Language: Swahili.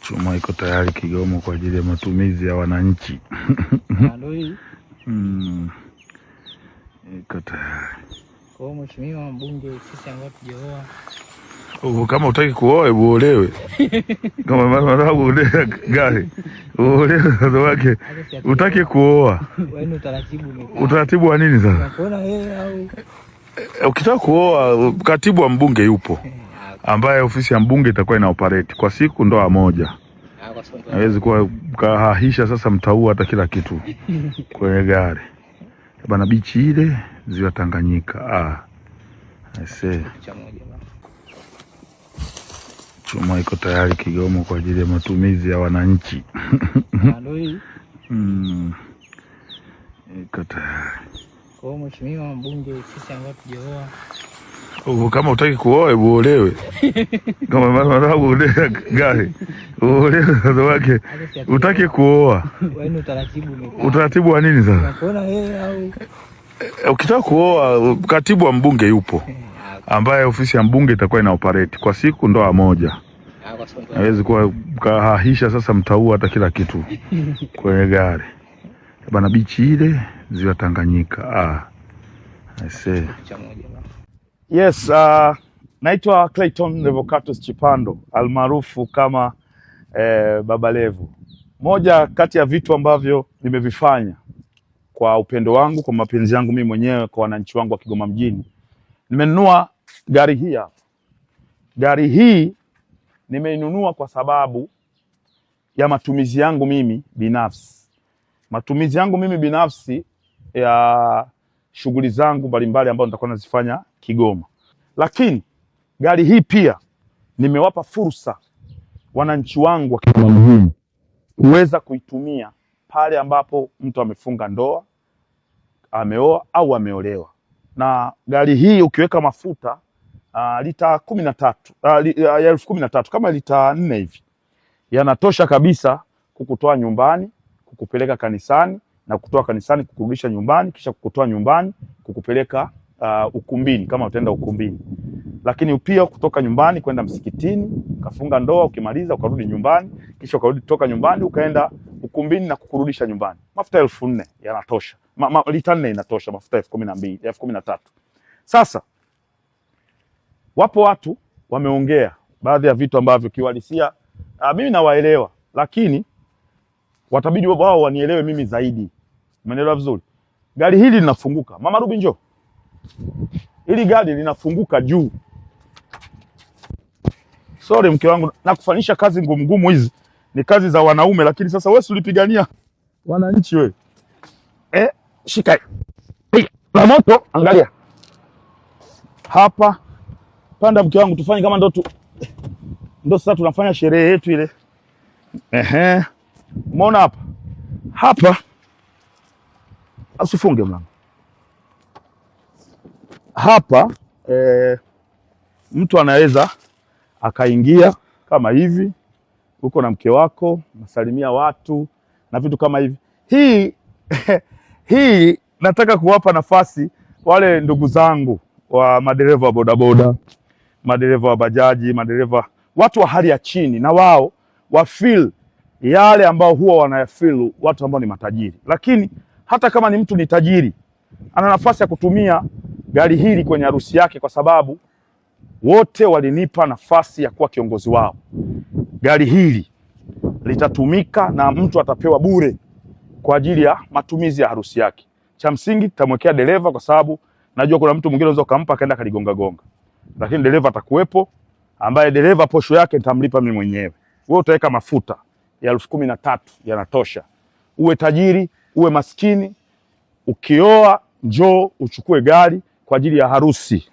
Chuma iko tayari Kigoma kwa ajili ya matumizi ya wananchi. Ah, hmm. Iko tayari. Kwa mheshimiwa mbunge, sisi ambao tujaoa kama utaki kuoa hebu olewe. Kama mama olewe gari. Olewe sasa wake. Utaki kuoa. Yaani utaratibu wa nini sasa? Eh, ukitaka kuoa katibu wa mbunge yupo. ambaye ofisi ya mbunge itakuwa ina operate kwa siku ndoa moja, ah, hawezi kuwa kahahisha. Sasa mtaua hata kila kitu kwenye gari bana, bichi ile ziwa Tanganyika. Ah, see chuma iko tayari kigomo kwa ajili ya matumizi ya wananchi ah, mm. iko tayari kwa mheshimiwa mbunge, sisi ambao tujaoa kama utaki kuoa uolewe, gari uolewe. Sasa wake utaki kuoa, yaani utaratibu wa nini sasa? Eh, ukitaka kuoa, katibu wa mbunge yupo, eh, ambaye ofisi ya mbunge itakuwa ina operate kwa siku ndoa moja ah, hawezi kuwa kahahisha. Sasa mtaua hata kila kitu kwenye gari bana, bichi ile ziwa Tanganyika ah. Yes, uh, naitwa Clayton Revocatus Chipando almaarufu kama eh, Baba Levo. Moja kati ya vitu ambavyo nimevifanya kwa upendo wangu, kwa mapenzi yangu mimi mwenyewe kwa wananchi wangu wa Kigoma mjini, nimenunua gari hii hapa. Gari hii nimeinunua kwa sababu ya matumizi yangu mimi binafsi, matumizi yangu mimi binafsi ya shughuli zangu mbalimbali ambazo nitakuwa nazifanya Kigoma. Lakini gari hii pia nimewapa fursa wananchi wangu wa Kigoma Mjini kuweza kuitumia pale ambapo mtu amefunga ndoa, ameoa au ameolewa. Na gari hii ukiweka mafuta uh, lita kumi na tatu uh, ah, ah, elfu kumi na tatu kama lita nne hivi yanatosha kabisa kukutoa nyumbani, kukupeleka kanisani na kutoa kanisani kukurudisha nyumbani, kisha kukutoa nyumbani kukupeleka uh, ukumbini kama utaenda ukumbini, lakini pia kutoka nyumbani kwenda msikitini, ukafunga ndoa, ukimaliza ukarudi nyumbani, kisha ukarudi kutoka nyumbani ukaenda ukumbini na kukurudisha nyumbani. Mafuta elfu nne yanatosha ma, ma, lita nne inatosha mafuta elfu kumi na mbili elfu kumi na tatu Sasa wapo watu wameongea baadhi ya vitu ambavyo kiuhalisia uh, mimi nawaelewa, lakini watabidi wao wanielewe mimi zaidi. Umeelewa vizuri? Gari hili linafunguka. Mama Rubi njoo. Hili gari linafunguka juu. Sorry mke wangu, nakufanisha kazi ngumu ngumu hizi. Ni kazi za wanaume, lakini sasa wewe ulipigania wananchi wewe. Eh, shika. La moto, angalia. Hapa panda mke wangu, tufanye kama ndo tu ndo sasa tunafanya sherehe yetu ile. Ehe. Umeona hapa? Hapa asifunge mlango hapa e, mtu anaweza akaingia kama hivi, uko na mke wako nasalimia watu na vitu kama hivi. Hii hii nataka kuwapa nafasi wale ndugu zangu wa madereva wa bodaboda, madereva wa bajaji, madereva watu wa hali ya chini, na wao wafil yale ambao huwa wanayafil watu ambao ni matajiri, lakini hata kama ni mtu ni tajiri, ana nafasi ya kutumia gari hili kwenye harusi yake, kwa sababu wote walinipa nafasi ya kuwa kiongozi wao. Gari hili litatumika na mtu atapewa bure kwa ajili ya matumizi ya harusi yake. Cha msingi tamwekea dereva, kwa sababu najua kuna mtu mwingine anaweza kumpa akaenda kaligonga gonga, lakini dereva atakuwepo, ambaye dereva posho yake nitamlipa mimi mwenyewe. Wewe utaweka mafuta ya elfu kumi na tatu yanatosha, uwe tajiri uwe maskini, ukioa njoo uchukue gari kwa ajili ya harusi.